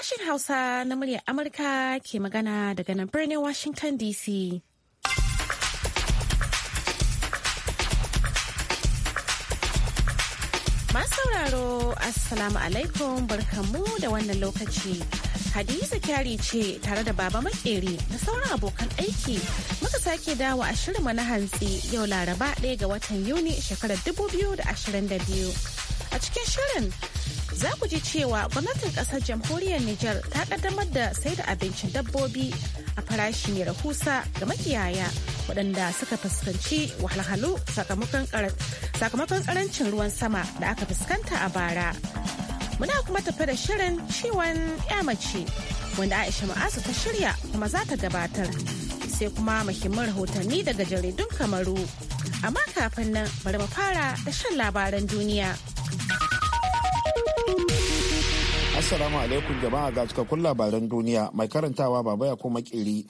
Sashen Hausa na muryar Amurka ke magana daga nan birnin Washington DC. Masu sauraro, Assalamu alaikum barkamu da wannan lokaci. Hadiza kyari ce tare da baba makeri da sauran abokan aiki muka sake dawo a shirinmu na hantsi yau laraba ɗaya ga watan Yuni shekarar 2022. A cikin shirin za ku ji cewa gwamnatin kasar jamhuriyar Nijar ta kaddamar da sai da abincin dabbobi a farashi mai rahusa ga makiyaya waɗanda suka fuskanci wahalhalu sakamakon karancin ruwan sama da aka fuskanta a bara. Muna kuma tafi da shirin ciwon mace wanda Aisha Ma'asu ta shirya kuma za ta gabatar. Sai kuma muhimman rahotanni daga jaridun Kamaru. Amma kafin nan bari mu fara da shan labaran duniya. Assalamu alaikum jama'a ga cikakkun labaran duniya mai karantawa baba ya kuma kiri.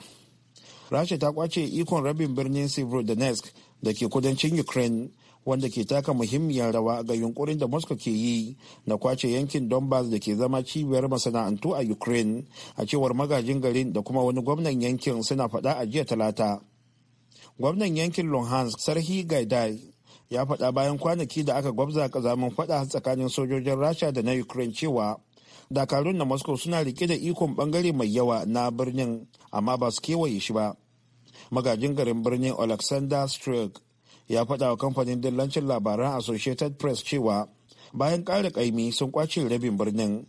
Rasha ta kwace ikon rabin birnin Severodonetsk da ke kudancin Ukraine wanda ke taka muhimmiyar rawa ga yunkurin da Moscow ke yi na kwace yankin Donbass da ke zama cibiyar masana'antu a Ukraine a cewar magajin garin da kuma wani gwamnan yankin suna fada a jiya talata. Gwamnan yankin Luhansk Sarhi Gaidai ya faɗa bayan kwanaki da aka gwabza kazamin faɗa tsakanin sojojin Rasha da na Ukraine cewa dakarun na moscow suna rike da ikon bangare mai yawa na birnin amma ba su kewaye shi ba magajin garin birnin alexander strug ya faɗa wa kamfanin dillancin labaran associated press cewa bayan ƙara ƙaimi sun kwace rabin birnin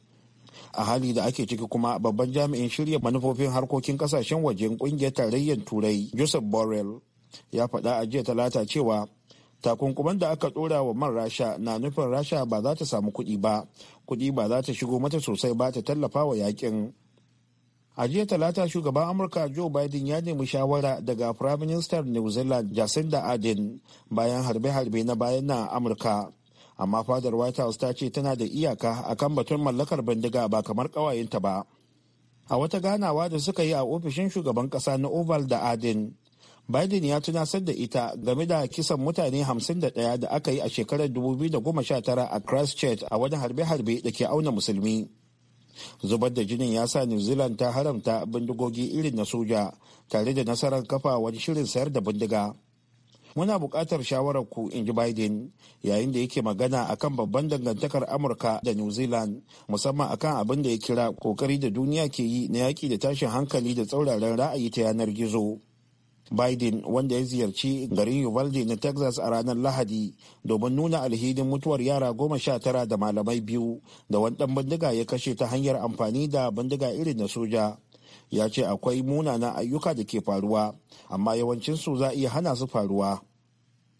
a hali da ake ciki kuma babban jami'in shirya manufofin harkokin kasashen wajen kungiyar tarayyar turai joseph borrell ya faɗa a jiya talata cewa takunkuman da aka dora wa man rasha na nufin rasha ba za ta samu kuɗi ba kuɗi ba za ta shigo mata sosai ba ta tallafa wa yakin a jiya talata shugaban amurka joe biden ya nemi shawara daga firaministan new zealand jacinda ardern bayan harbe-harbe na bayan na amurka amma fadar white house ta ce tana da iyaka akan batun mallakar bindiga ba kamar ƙawayenta ba a wata ganawa da suka yi a ofishin shugaban kasa na oval da ardern Biden ya tunasar da ita game da kisan mutane 51 da aka yi a shekarar 2019 a Christchurch a wani harbe-harbe da ke auna musulmi. Zubar da jinin ya sa New Zealand ta haramta bindigogi irin na soja tare da nasarar kafa wani shirin sayar da bindiga. Muna buƙatar shawarar ku in ji Biden yayin da yake magana akan babban dangantakar Amurka da New Zealand musamman akan abin da ya kira kokari da duniya ke yi na yaƙi da tashin hankali da tsauraran ra'ayi ta yanar gizo. Biden wanda ya ziyarci garin Uvalde na Texas a ranar Lahadi domin nuna alhidin mutuwar yara goma sha tara da malamai biyu da wani ɗan bindiga ya kashe ta hanyar amfani da bindiga irin na soja. Ya ce akwai munana ayyuka da ke faruwa, amma yawancinsu za a iya hana su faruwa.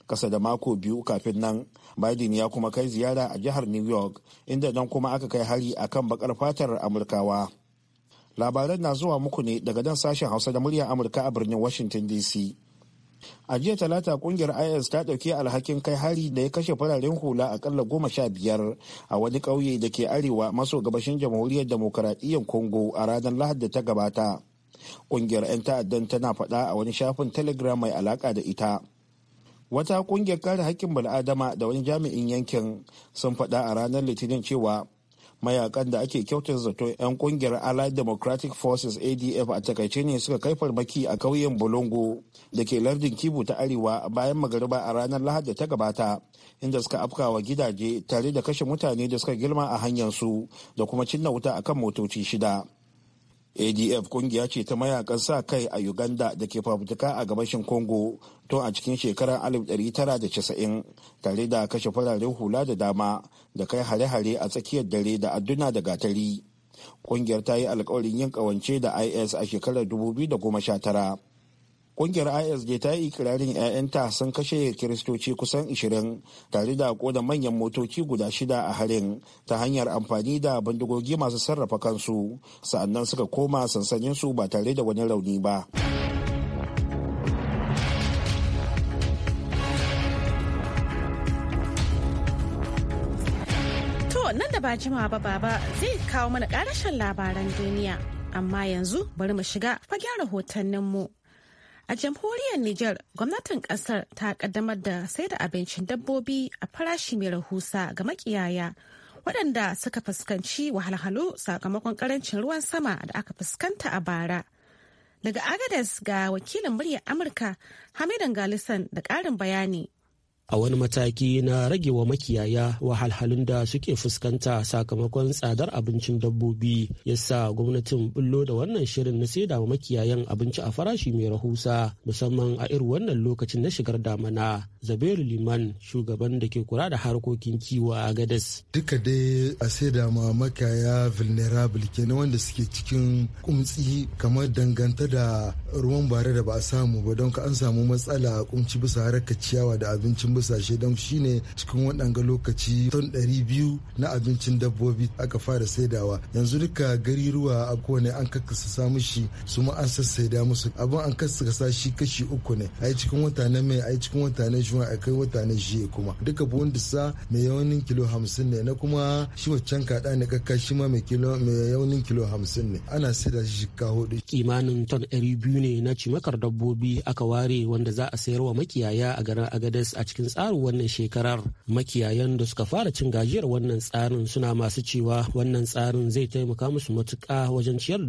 Kasa da mako biyu kafin nan, Biden ya kuma kai ziyara a jihar New York, inda nan kuma aka kai hari akan bakar fatar Amurkawa. labaran na zuwa muku ne daga nan sashen hausa da muryar amurka a birnin washington dc a jiya talata kungiyar is ta ɗauki alhakin kai hari da ya kashe fararen hula akalla goma sha biyar a wani ƙauye da ke arewa maso gabashin jamhuriyar demokaradiyyar congo a ranar lahad da ta gabata kungiyar 'yan ta'addan tana faɗa a wani shafin telegram mai alaka da ita wata kungiyar kare haƙƙin bal'adama da wani jami'in yankin sun faɗa a ranar litinin cewa mayakan da ake kyautar zato 'yan kungiyar allied democratic forces adf a takaice ne suka kai farmaki a kauyen bolongo da ke lardin kibu ta arewa bayan magariba a ranar lahadi da ta gabata inda suka afkawa gidaje tare da kashe mutane da suka girma a hanyar su da kuma cinna wuta akan motoci shida adf kungiya ce ta mayakan sa kai a uganda da ke fafutuka a gabashin congo tun a cikin shekarar 1990 tare da kashe fararen hula da dama da kai hare-hare a tsakiyar dare da adduna da gatari kungiyar ta yi alkawarin yin kawance da is a shekarar 2019 Kungiyar ISJ ta yi ikirarin 'ya'yanta sun kashe kiristoci kusan 20 tare da koda manyan motoci guda shida a harin ta hanyar amfani da bindigogi masu sarrafa kansu sa'annan suka koma sansaninsu ba tare da wani rauni ba. to nan da ba jimawa ba baba zai kawo mana karashin labaran duniya amma yanzu bari mu shiga fagen rahotanninmu. mu. A jamhuriyar Nijar, gwamnatin kasar ta kaddamar da sai da abincin dabbobi a farashi mai rahusa ga makiyaya waɗanda suka fuskanci wahalhalu sakamakon karancin ruwan sama da aka fuskanta a bara. Daga Agadez ga wakilin muryar Amurka Hamidan Galisan da ƙarin bayani a wani mataki na rage wa makiyaya wahalhalun da suke fuskanta sakamakon tsadar abincin dabbobi ya sa gwamnatin bullo da wannan shirin na saida wa makiyayan abinci a farashi mai rahusa musamman a irin wannan lokacin na shigar damana zabiru liman shugaban da ke kura da harkokin kiwo a gadas duka dai a saida ma makiyaya vulnerable kenan wanda suke cikin kumtsi kamar danganta da ruwan bare da ba a samu ba don ka an samu matsala a kumci bisa harkar ciyawa da abincin busashe don shine cikin waɗanga lokaci ton 200 na abincin dabbobi aka fara saidawa yanzu duka gariruwa a kowane an samu shi su ma an sassaida musu abin an kakasa shi kashi uku ne a cikin wata na mai a cikin wata na shi a kai wata na shi kuma duka buwan disa mai yawanin kilo hamsin ne na kuma shi waccan kaɗa ne kakka shi ma mai yawanin kilo hamsin ne ana saida shi shika hudu. kimanin ton ɗari biyu ne na cimakar dabbobi aka ware wanda za a sayar wa makiyaya a garin agadez a cikin cikin tsarin wannan shekarar makiyayan da suka fara cin gajiyar wannan tsarin suna masu cewa wannan tsarin zai taimaka musu matuƙa wajen ciyar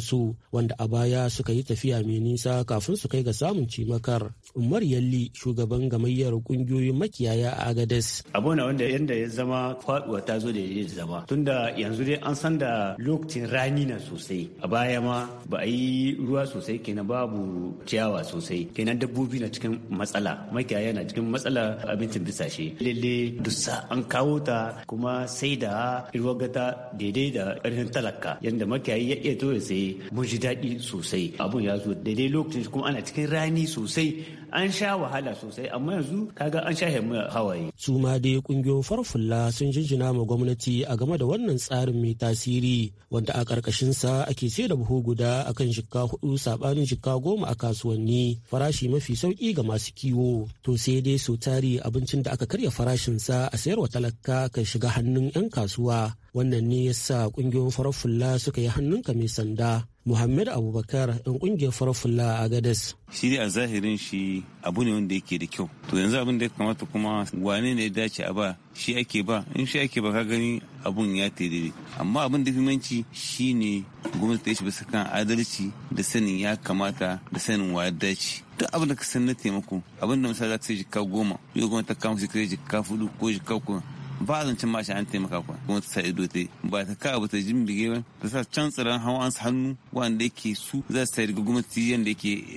su wanda a baya suka yi tafiya mai nisa kafin su kai ga samun cimakar umar yalli shugaban gamayyar ƙungiyoyin makiyaya a agades abu na wanda yanda ya zama faduwa ta zo da ya zama tunda yanzu dai an san da lokacin rani na sosai a baya ma ba a yi ruwa sosai kenan babu ciyawa sosai kenan dabbobi na cikin matsala makiyaya na cikin matsala matsala abincin bisashe lalle dusa. an kawo ta kuma sai da irwagata daidai da ƙarfin talaka yadda makiyayi ya iya to ya sai mun ji daɗi sosai abun ya zo daidai lokacin kuma ana cikin rani sosai an sha wahala sosai amma yanzu kaga an sha mu hawaye su ma dai kungiyoyin farfulla sun jinjina ma gwamnati a game da wannan tsarin mai tasiri wanda a karkashin sa ake sai da buhu guda akan jikka hudu sabanin jikka goma a kasuwanni farashi mafi sauki ga masu kiwo to sai dai so tari abincin da aka karya farashin sa a sayarwa talaka kan shiga hannun 'yan kasuwa wannan ne yasa kungiyoyin farar suka yi hannunka mai sanda Muhammad Abubakar ɗan ƙungiyar farfulla a Gadas. Shi a zahirin shi abu ne wanda yake da kyau. To yanzu abin da ya kamata kuma wane ne ya dace a ba shi ake ba in shi ake ba ka gani abun ya daidai. Amma abin da muhimmanci shi ne gwamnati ta yi shi bisa kan adalci da sanin ya kamata da sanin wa dace. duk abin da ka san na taimako abin da misali za ta jikka goma yau gwamnati ta kama shi kai jikka fudu ko jikka kuma ba a zancen mashi an taimaka kuwa kuma sa ido ta ba ta kawo ba ta jimbige ba ta sa can tsiran hawan hannu wanda yake su za su sayar gwamnati yadda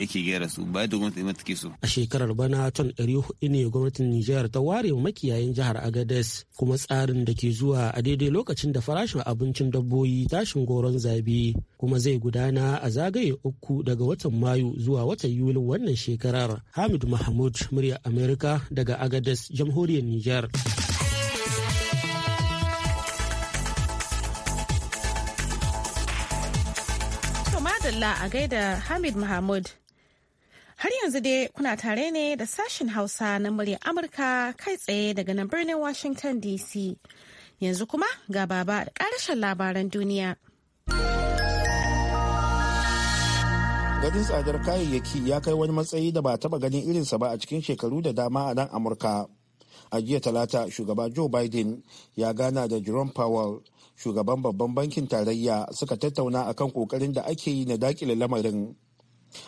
yake gyara su ba da gwamnati mata ke so. A shekarar bana ton ɗari hudu ne gwamnatin Nijar ta ware makiyayin jihar Agadez kuma tsarin da ke zuwa a daidai lokacin da farashin abincin dabbobi tashin goron zabi kuma zai gudana a zagaye uku daga watan Mayu zuwa watan yuli wannan shekarar. Hamid Mahmud, murya Amerika daga Agadez, jamhuriyar Nijar. madalla a gaida Hamid Mahmud. Har yanzu dai kuna tare ne da sashen Hausa na murya Amurka kai tsaye daga nan birnin Washington DC. Yanzu kuma ga baba da ƙarashen labaran duniya. gadin tsadar kayayyaki ya kai wani matsayi da ba taba ganin irinsa ba a cikin shekaru da dama a nan Amurka. A jiya talata shugaba Joe Biden ya gana da Jerome Powell shugaban babban bankin tarayya suka tattauna akan kokarin da ake yi na dakile lamarin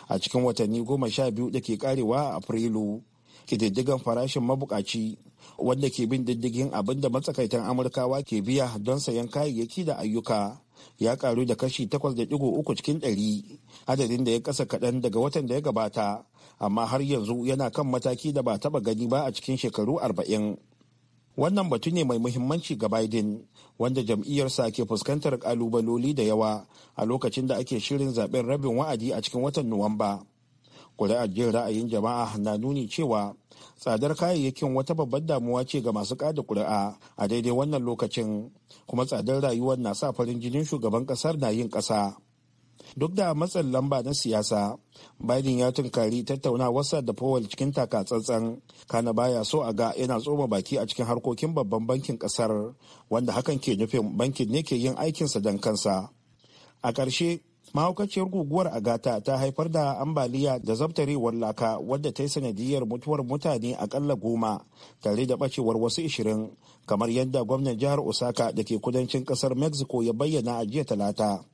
a cikin watanni goma sha biyu da ke karewa a afrilu kididdigan farashin mabukaci wanda ke bin diddigin abin da matsakaitan amurkawa ke biya don sayan kayayyaki da ayyuka ya karu da kashi takwas da uku cikin 100 adadin da ya kasa kaɗan daga watan da ya gabata amma har yanzu yana kan mataki da ba taɓa gani ba a cikin shekaru arba'in. wannan batu ne mai muhimmanci ga biden wanda jam'iyyarsa ke fuskantar kalubaloli da yawa a lokacin da ake shirin zaben rabin wa'adi a cikin watan nuwamba kuri'ar jin ra'ayin jama'a na nuni cewa tsadar kayayyakin wata babbar damuwa ce ga masu kada kuri'a a daidai wannan lokacin kuma tsadar rayuwar na sa farin jinin shugaban kasar na yin kasa duk da matsin lamba na siyasa biden ya tunkari tattauna wasa da powell cikin takatsantsan kana baya so a ga yana tsoma baki a cikin harkokin babban bankin kasar wanda hakan ke nufin bankin ne ke yin aikinsa don kansa a ƙarshe mahaukaciyar guguwar agata ta haifar da ambaliya da zabtarewar laka wadda ta yi sanadiyar mutuwar mutane akalla goma tare da bacewar wasu ishirin kamar yadda gwamnan jihar osaka da ke kudancin kasar mexico ya bayyana a jiya talata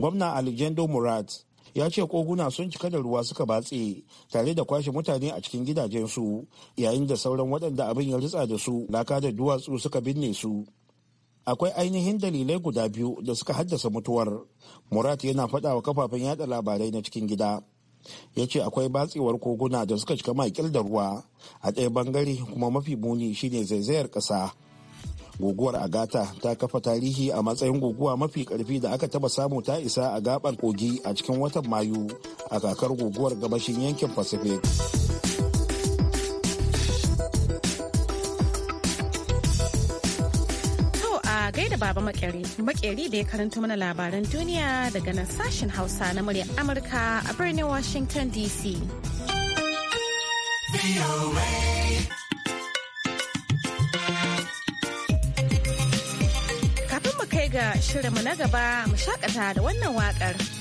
gwamna aligendo murat ya ce koguna sun cika da ruwa suka batse tare da kwashe mutane a cikin gidajensu yayin da sauran waɗanda abin ya ritsa da su laka da duwatsu suka binne su akwai ainihin dalilai guda biyu da suka haddasa mutuwar murat yana faɗa wa kafafen yada labarai na cikin gida ya ce akwai batsewar koguna da suka cika makil da ruwa a ɗaya bangare kuma mafi muni shine zaizayar ƙasa guguwar agata ta kafa tarihi a matsayin guguwa mafi karfi da aka taba samu ta isa a gabar kogi a cikin watan mayu a kakar guguwar gabashin yankin pacific gaida baba makeri makeri da ya karanta mana labaran duniya daga nan sashen hausa na murya amurka a birnin washington dc Daga shirin mu na gaba mu shakata da wannan waƙar.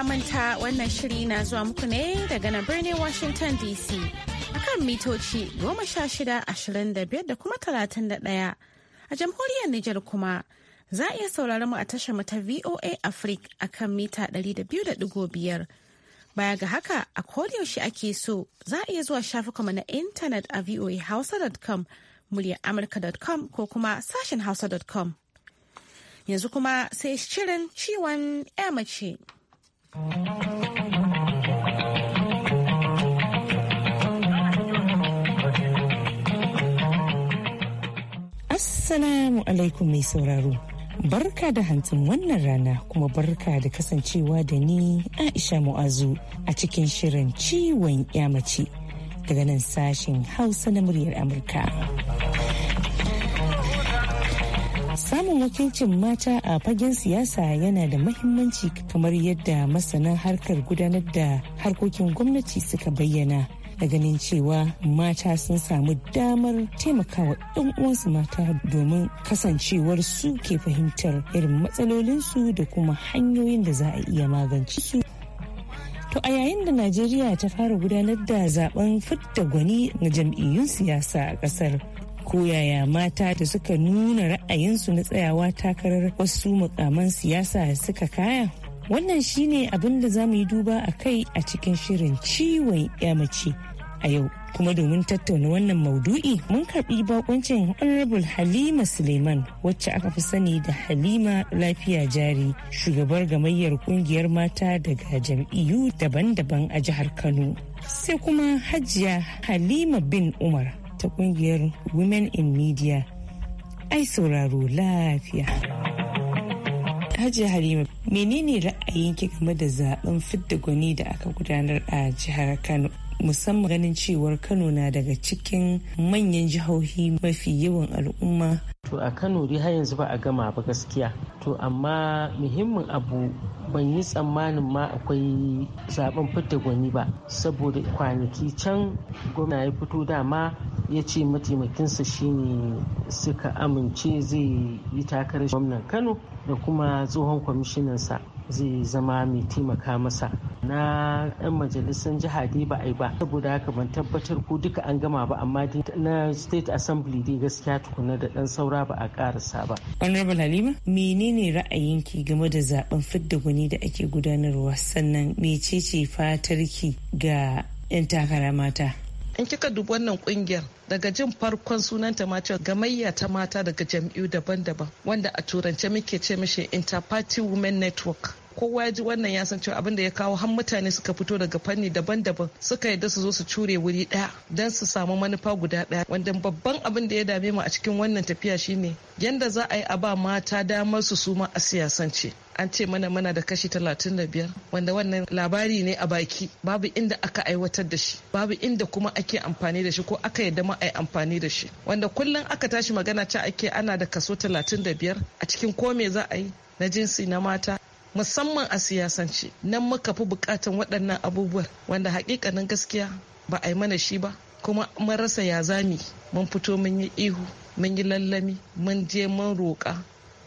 a manta wannan shiri na zuwa muku ne daga na birnin Washington DC akan mitoci 1625 da kuma 31 a jamhuriyar Nijar kuma za a iya saurari mu a tashar mu ta VOA Africa akan mita 200.5 baya ga haka a yaushe ake so za a iya zuwa shafukanmu na intanet a voahausa.com muryar amurka.com ko kuma sashen hausa.com yanzu kuma sai shirin ciwon 'ya mace. Assalamu alaikum mai sauraro. Barka da hantsin wannan rana kuma barka da kasancewa da ni Aisha Mu'azu a cikin shirin ciwon yamaci daga nan sashen Hausa na muryar Amurka. samun wakilcin mata a fagen siyasa yana da mahimmanci kamar yadda masana harkar gudanar da harkokin gwamnati suka bayyana da ganin cewa mata sun samu damar taimakawa ɗan uwansu mata domin kasancewar su ke fahimtar irin matsalolinsu da kuma hanyoyin da za a iya magance su To a yayin da Najeriya ta fara gudanar da zaben fidda gwani na jam'iyyun siyasa a kasar ko yaya mata da suka nuna ra'ayinsu na tsayawa takarar wasu mukaman siyasa suka kaya wannan shine abin da za mu yi duba a kai a cikin shirin ciwon mace a yau kuma domin tattauna wannan maudu'i mun karbi bakoncin honorable halima suleiman wacce aka fi sani da halima lafiya jari shugabar gamayyar kungiyar mata daga jam'iyyu daban-daban a jihar kano sai kuma hajiya halima bin umar ta kungiyar women in media ai sauraro lafiya hajji halima menene ra'ayinki game da zaben fidda gwani da aka gudanar a jihar kano musamman ganin cewar kano na daga cikin manyan jihohi mafi yawan al'umma to a kano dai har yanzu ba a gama ba gaskiya to amma muhimmin abu ban yi tsammanin ma akwai zaben fidda gwani ba saboda kwanaki can gwamna ya fito dama ya ce mataimakinsa shine suka amince zai yi takarar gwamnan kano da kuma tsohon kwamishinansa zai zama mai taimaka masa na 'yan majalisar jiha dai ba ai ba saboda haka ban tabbatar ko duka an gama ba amma na state assembly dai gaskiya tukuna da dan saura ba a karasa ba honorable halima menene ra'ayinki game da zaben fidda gwani da ake gudanarwa sannan mecece fatarki ga 'yan takara mata in kika dubi wannan kungiyar daga jin farkon sunanta ma cewa gamayya ta mata daga jam'iyyu daban-daban wanda a turance muke ce mishi interparty women network kowa ya ji wannan ya san cewa abin da ya kawo har mutane suka fito daga fanni daban-daban suka yadda su zo su cure wuri daya don su samu manufa guda ɗaya wanda babban abin da ya dame mu a cikin wannan tafiya shine yanda za a yi a ba mata damar su suma a siyasance an ce mana mana da kashi 35 wanda wannan labari ne a baki babu inda aka aiwatar da shi babu inda kuma ake amfani da shi ko aka yadda ma ai amfani da shi wanda kullum aka tashi magana ce ake ana da kaso 35 a cikin ko me za a yi na jinsi na mata musamman a siyasance nan muka fi bukatan waɗannan abubuwan wanda haƙiƙanin gaskiya ba a yi mana shi ba kuma mun rasa ya zami mun fito mun yi ihu mun yi lallami mun je mun roƙa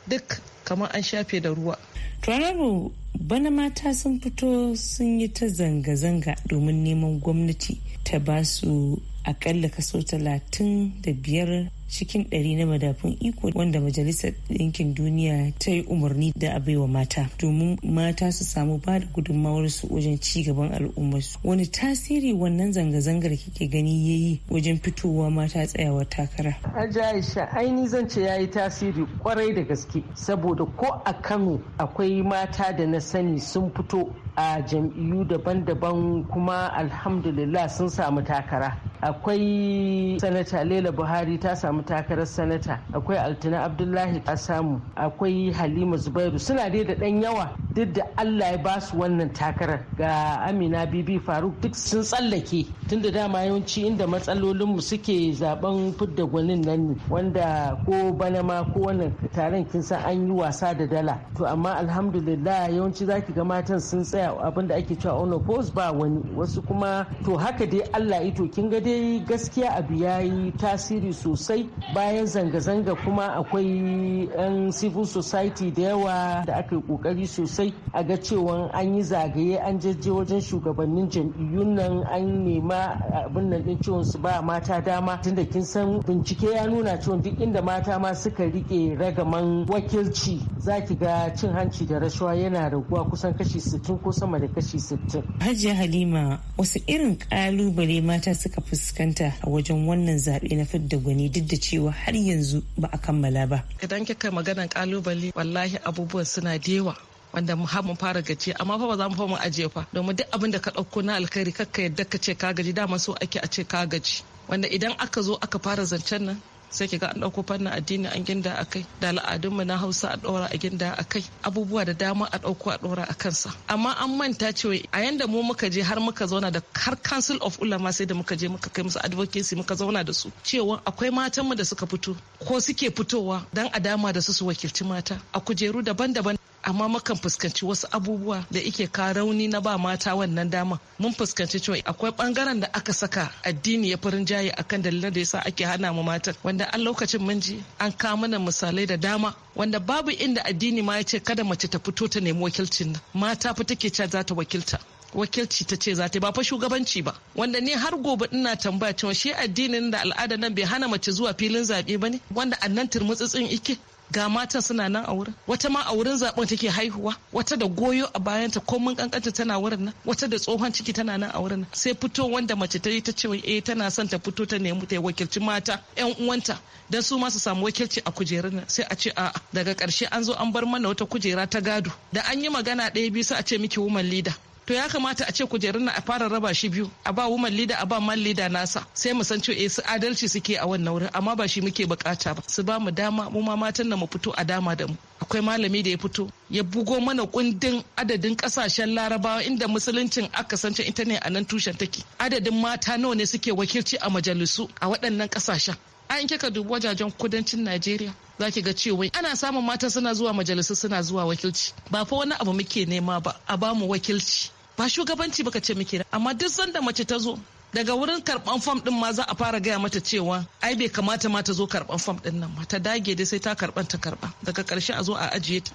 duk kamar an shafe da ruwa. Turararo bana mata sun fito sun yi ta zanga-zanga domin neman gwamnati ta ba su akalla kaso talatin da biyar cikin ɗari na madafun iko wanda majalisar ɗinkin duniya ta yi umarni da a baiwa mata domin mata su samu ba da su wajen ci gaban al'ummarsu wani tasiri wannan zanga-zangar kike gani ya yi wajen fitowa mata tsayawa takara ajaisha aini zan ce ya yi tasiri kwarai da gaske saboda ko a kano akwai mata da na sani sun fito a jam'iyyu daban-daban kuma alhamdulillah sun samu takara akwai sanata lela buhari ta samu takarar sanata akwai altina abdullahi ta samu akwai halima zubairu suna dai da ɗan yawa duk da allah ya ba su wannan takarar ga amina bibi faruk duk sun tsallake tunda dama yawanci inda matsalolinmu suke zaben fidda gwanin nan ne wanda ko bana ma ko wannan taron kin san an yi wasa da dala to amma alhamdulillah yawanci zaki ga matan sun tsaya abinda ake cewa ono ba wani wasu kuma to haka dai allah ito kin ga dai yayi gaskiya abu ya yi tasiri sosai bayan zanga-zanga kuma akwai 'yan civil society da yawa da aka yi kokari sosai a ga cewa an yi zagaye an jejje wajen shugabannin jam'iyyun nan an nema abin nan din ciwon su ba mata dama tunda kin san bincike ya nuna cewa duk inda mata ma suka rike ragaman wakilci za ki ga cin hanci da rashawa yana raguwa kusan kashi 60 ko sama da kashi 60. Hajiya Halima wasu irin kalubale mata suka fuskanta fuskanta a wajen wannan zaɓe na fidda gwani duk da cewa har yanzu ba a kammala ba. Idan kika maganan kalubale wallahi abubuwan suna da yawa wanda mu mun fara gaji amma fa ba za mu fa mu ajiye fa domin duk abin da ka ɗauko na alkhairi kakka yadda ka ce ka gaji dama so ake a ce ka gaji wanda idan aka zo aka fara zancen nan sai ki ga an ɗauko fannin addini an ginda a kai da al'adunmu na hausa a ɗora a ginda a kai abubuwa da dama a ɗauko a ɗora a kansa amma an manta cewa a yanda mu muka je har muka zauna da har council of ulama sai da muka je muka kai musu advocacy muka zauna da su cewa akwai matanmu da suka fito ko suke fitowa dan a dama da su su wakilci mata a kujeru daban-daban amma mukan fuskanci wasu abubuwa da ike ka rauni na ba mata wannan dama mun fuskanci cewa akwai bangaren da aka saka addini ya farin jaye akan dalilan da yasa ake hana mu matan wanda an lokacin mun ji an kawo mana misalai da dama wanda babu inda addini ma ya ce kada mace ta fito ta nemi wakilcin mata fa take cewa za ta wakilta wakilci ta ce za ta ba fa shugabanci ba wanda ni har gobe ina tambaya cewa shi addinin da al'ada nan bai hana mace zuwa filin zaɓe ba ne wanda annan turmutsutsin ike ga matan suna nan a wurin wata ma a wurin zaben take haihuwa wata da goyo a bayanta ko mun kankanta tana wurin nan wata da tsohon ciki tana nan a wurin nan sai fito wanda mace ta yi ta ce eh tana son ta fito ta nemi ta wakilci mata yan uwanta dan su ma su samu wakilci a kujerun nan sai a ce a daga karshe an zo an bar mana wata kujera ta gado da an yi magana ɗaya biyu sai a ce miki woman leader to ya kamata a ce kujerun na a fara raba shi biyu a ba woman leader a ba man leader nasa sai mu san cewa eh, su adalci suke a wannan wurin amma ba shi muke bukata ba su ba mu dama mu ma matan na mu fito a dama da mu akwai malami da ya fito ya bugo mana kundin adadin kasashen larabawa inda musuluncin aka san ita ne a nan tushen take adadin mata nawa ne suke wakilci a majalisu a waɗannan kasashen a in kika dubi wajajen kudancin najeriya za ki ga cewa ana samun mata suna zuwa majalisu suna zuwa wakilci ba fa wani abu muke nema ba a bamu wakilci ba shugabanci baka ce muke amma duk sanda mace ta zo daga wurin karban fam din ma za a fara gaya mata cewa ai bai kamata ma ta zo karban fam din nan ta dage dai sai ta karban ta karba daga karshe a zo a ajiye ta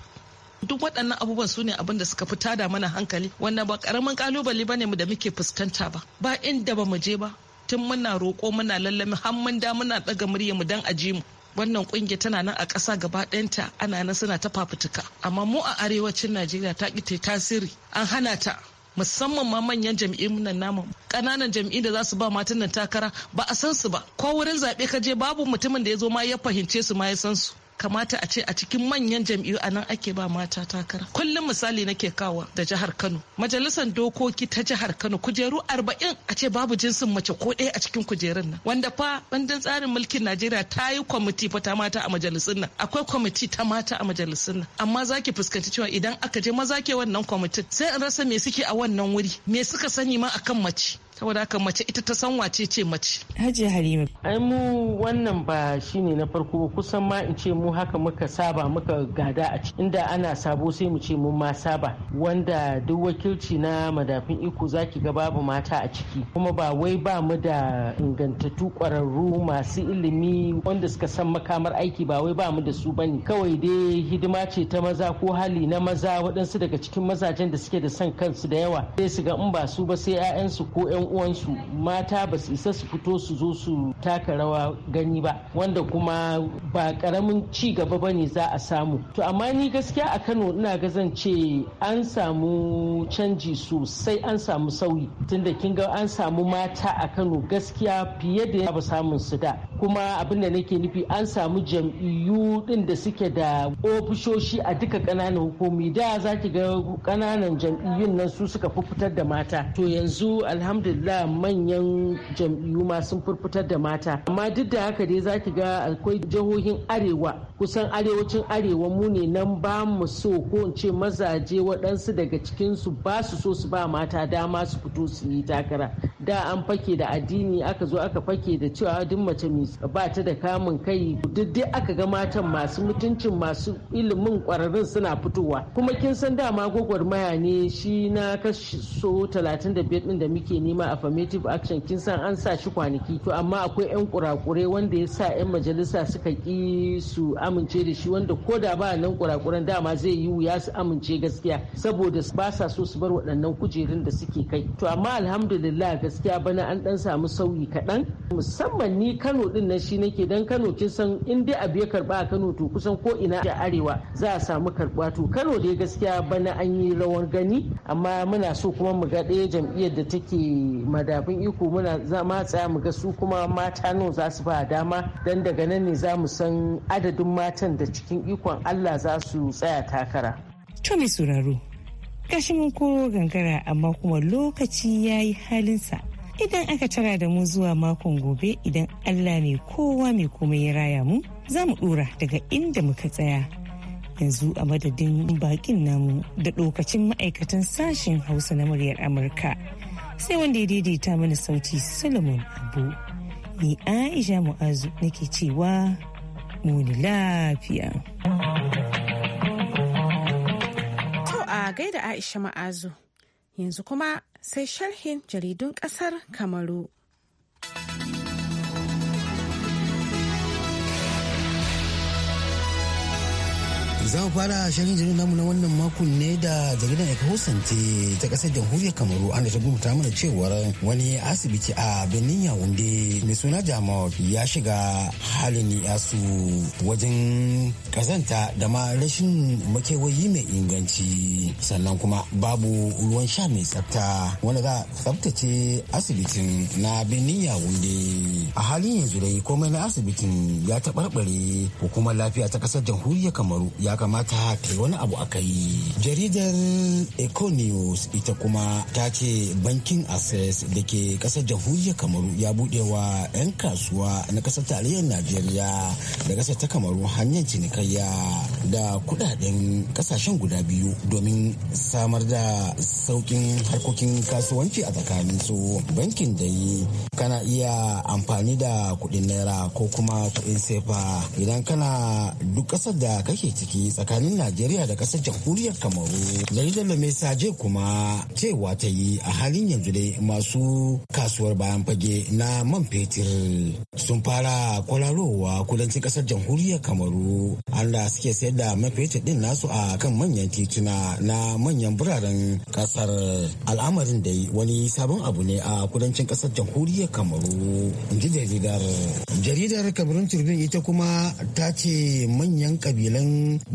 duk waɗannan abubuwan su ne abin da suka fi tada mana hankali wannan ba karamin kalubale bane mu da muke fuskanta ba ba inda ba mu je ba tun muna roƙo muna lallami har mun da muna ɗaga murya mu dan aji mu wannan kungiya tana nan a ƙasa gaba ɗayanta ana nan suna ta fafutuka amma mu a arewacin najeriya ta ƙi tasiri an hana ta musamman ma manyan jam'iyyun nan namu ƙananan jam'iyyun da za su ba matan nan takara ba a san su ba ko wurin zaɓe ka je babu mutumin da ya zo ma ya fahimce su ma ya san su kamata a ce a cikin manyan jam'iyyu a nan ake ba mata takara kullum misali nake kawa da jihar kano majalisar dokoki ta jihar kano kujeru arba'in a ce babu jinsin mace ko ɗaya a cikin kujerun nan wanda fa bandin tsarin mulkin najeriya ta yi kwamiti fa ta mata a majalisun nan akwai kwamiti ta mata a majalisun nan amma zaki fuskanci cewa idan aka je maza ke wannan kwamitin sai in rasa me suke a wannan wuri me suka sani ma akan mace saboda haka mace ita ta san wace ce mace Haji halima ai mu wannan ba ne na farko kusan ma in ce mu haka muka saba muka gada a ciki inda ana sabo sai mu ce mun ma saba wanda duk wakilci na madafin iko zaki ga babu mata a ciki kuma ba wai ba mu da ingantattu kwararru masu ilimi wanda suka san makamar aiki ba wai ba mu da su bane kawai dai hidima ce ta maza ko hali na maza waɗansu daga cikin mazajen da suke da son kansu da yawa sai su ga in ba su ba sai 'ya'yansu ko 'yan uwansu mata ba su isa su fito su zo su taka rawa gani ba wanda kuma ba karamin ci gaba ba ne za a samu to amma ni gaskiya a kano ina ga zan ce an samu canji sosai an samu sauyi tunda kin ga an samu mata a kano gaskiya fiye da ba samun su da kuma abin da nake nufi an samu jam'iyyu din da suke da ofishoshi a duka ƙananan hukumi da za ki ga ƙananan jam'iyyun nan su suka fi fitar da mata to yanzu alhamdulillah da manyan jam'iyyu ma sun furfutar da mata amma duk da haka dai zaki ga akwai jihohin arewa kusan arewacin arewa mu ne nan ba mu so ko in ce mazaje waɗansu daga cikin su ba su so su ba mata dama su fito su yi takara da an fake da addini aka zo aka fake da cewa duk mace mai ba ta da kamun kai duk dai aka ga matan masu mutuncin masu ilimin kwararrun suna fitowa kuma kin san dama gwagwarmaya ne shi na kaso 35 din da muke nema affirmative action kin san an sa shi kwanaki to amma akwai yan kurakure wanda ya sa yan majalisa suka ki su amince da shi wanda ko da ba nan kurakuren dama zai yi wuya su amince gaskiya saboda ba sa so su bar waɗannan kujerun da suke kai to amma alhamdulillah gaskiya bana an dan samu sauyi kaɗan musamman ni Kano din nan shi nake dan Kano kin san in dai abu ya karba a Kano to kusan ko ina a arewa za a samu karba to Kano dai gaskiya bana an yi rawar gani amma muna so kuma mu ga ɗaya jam'iyyar da take madafin iko muna zama tsaya mu ga su kuma mata nawa za su ba dama dan daga nan ne za mu san adadin matan da cikin ikon Allah za su tsaya takara. To mai sauraro, gashi mun ko gangara amma kuma lokaci ya yi halinsa. Idan aka tara da mu zuwa makon gobe idan Allah ne kowa mai komai ya raya mu, za mu ɗora daga inda muka tsaya. yanzu a madadin bakin namu da lokacin ma'aikatan sashen hausa na muryar amurka sai wanda ya daidaita mana sauti solomon abu ni aisha mu'azu nake cewa muni lafiya to a gaida aisha ma'azu yanzu kuma sai sharhin jaridun kasar kamaru za mu fara shirin jirin namu na wannan makon ne da jaridar ekahusante ta kasar jamhuriyar kamaru an da ta rubuta mana cewar wani asibiti a benin wunde mai suna jamot ya shiga halin ya su wajen kazanta da ma rashin makewayi mai inganci sannan kuma babu ruwan sha mai tsafta wanda za tsaftace asibitin na benin wunde a halin yanzu dai komai na asibitin ya taɓarɓare hukumar lafiya ta kasar jamhuriyar kamaru ya kamata ta yi wani abu aka yi jaridar econews ita kuma ta ce bankin access da ke kasar jamhuriyar kamaru ya buɗe wa 'yan kasuwa na kasar tarayyar najeriya da kasar ta kamaru hanyar cinikayya da kudaden kasashen guda biyu domin samar da saukin harkokin kasuwanci a tsakanin su bankin da yi kana iya amfani da kudin naira ko kuma kudin sefa idan kana duk ƙasar da kake ciki yi tsakanin Najeriya da kasar jamhuriyar Kamaru. Jaridar saje kuma cewa ta yi a halin yanzu dai masu kasuwar bayan fage na man fetur sun fara kwararowa kudancin kasar jamhuriyar Kamaru. Allah suke sayar da man fetur din nasu a kan manyan tituna na manyan biraren kasar al'amarin da wani sabon abu ne a kudancin kasar jamhuriyar Kamaru. Inji jaridar. Jaridar Kamarun Turbin ita kuma ta ce manyan kabilan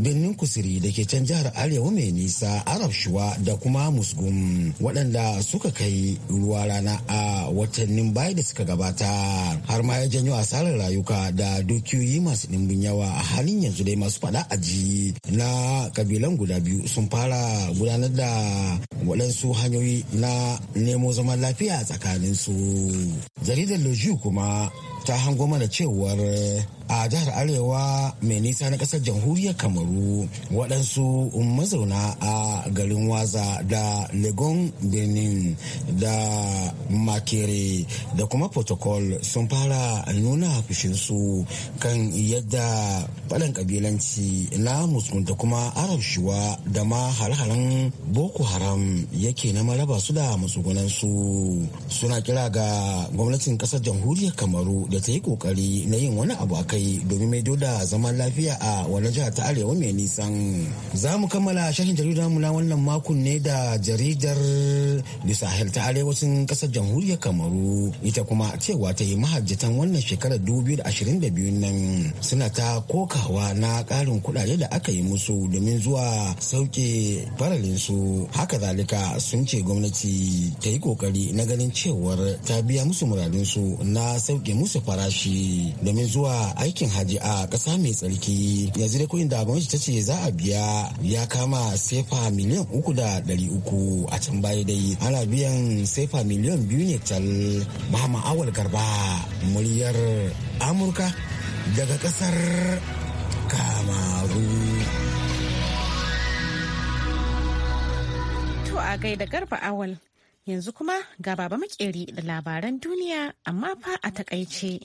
birnin kusuri da ke can jihar arewa mai nisa arab shuwa da kuma musgum waɗanda suka kai ruwa rana a watannin baya da suka gabata har ma ya janyo asarar rayuka da dukiyoyi masu ɗimbin yawa a halin yanzu dai masu faɗa aji na kabilan guda biyu sun fara gudanar da waɗansu hanyoyi na nemo zaman lafiya a tsakaninsu jaridar lojiyu kuma ta hango mana cewar a jihar arewa mai nisa na kasar jamhuriyar kamaru waɗansu mazauna a garin waza da legon benin da makere da kuma protocol sun fara nuna fushinsu kan yadda faɗan ƙabilanci na musulun da kuma Shuwa da ma har boko haram yake na maraba su da matsugunansu suna kira ga gwamnatin ƙasar jamhuriyar kamaru da ta yi ƙoƙari na yin wani abu a kai yi domin maido da zaman lafiya a wani jihar ta arewa mai nisan za mu kammala shashin jaridar mu na wannan makon ne da jaridar da sahel ta arewacin kasar jamhuriyar kamaru ita kuma cewa ta yi mahajjatan wannan shekarar 2022 nan suna ta kokawa na karin kudade da aka yi musu domin zuwa sauke faralin su haka zalika sun ce gwamnati ta yi kokari na ganin cewar ta biya musu muradin na sauke musu farashi domin zuwa aikin hajji a ƙasa mai tsarki yanzu dai kuɗin da gwamnati ta ce za a biya ya kama sefa miliyan uku da ɗari uku a can baya dai ana biyan sefa miliyan biyu ne cal mahama awal garba muryar amurka daga ƙasar kamaru. To a gaida garba awal yanzu kuma ga baba makeri da labaran duniya amma fa a takaice.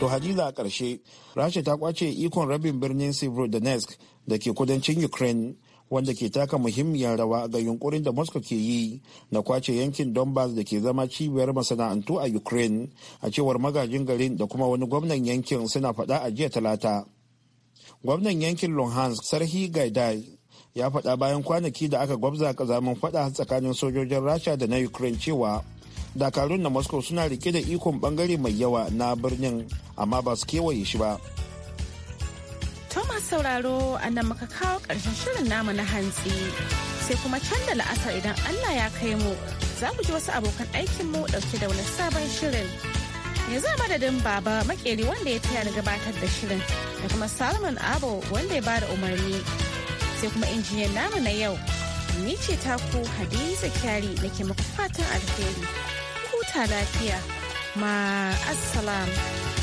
To Hadiza a ƙarshe, Rasha ta kwace ikon rabin birnin Severodonetsk da ke kudancin Ukraine wanda ke taka muhimmiyar rawa ga yunkurin da Moscow ke yi na kwace yankin Donbass da ke zama cibiyar masana'antu a Ukraine a cewar magajin garin da kuma wani gwamnan yankin suna faɗa a jiya talata. Gwamnan yankin Luhansk Sarhi Gaidai ya faɗa bayan kwanaki da aka gwabza kazamin faɗa tsakanin sojojin Rasha da na Ukraine cewa dakarun na Moscow suna rike da ikon bangare mai yawa na birnin amma ba su kewaye shi ba Thomas sauraro a nan muka kawo ƙarshen shirin namu na hantsi sai kuma can da la'asar idan Allah ya kai mu za ku ji wasu abokan aikinmu ɗauke da wani sabon shirin yanzu a madadin baba makeri wanda ya taya da gabatar da shirin da kuma salman abo wanda ya ba da umarni sai kuma injiniyan namu na yau ni ce ta ku hadiza kyari da ke muku alheri kuta lafiya ma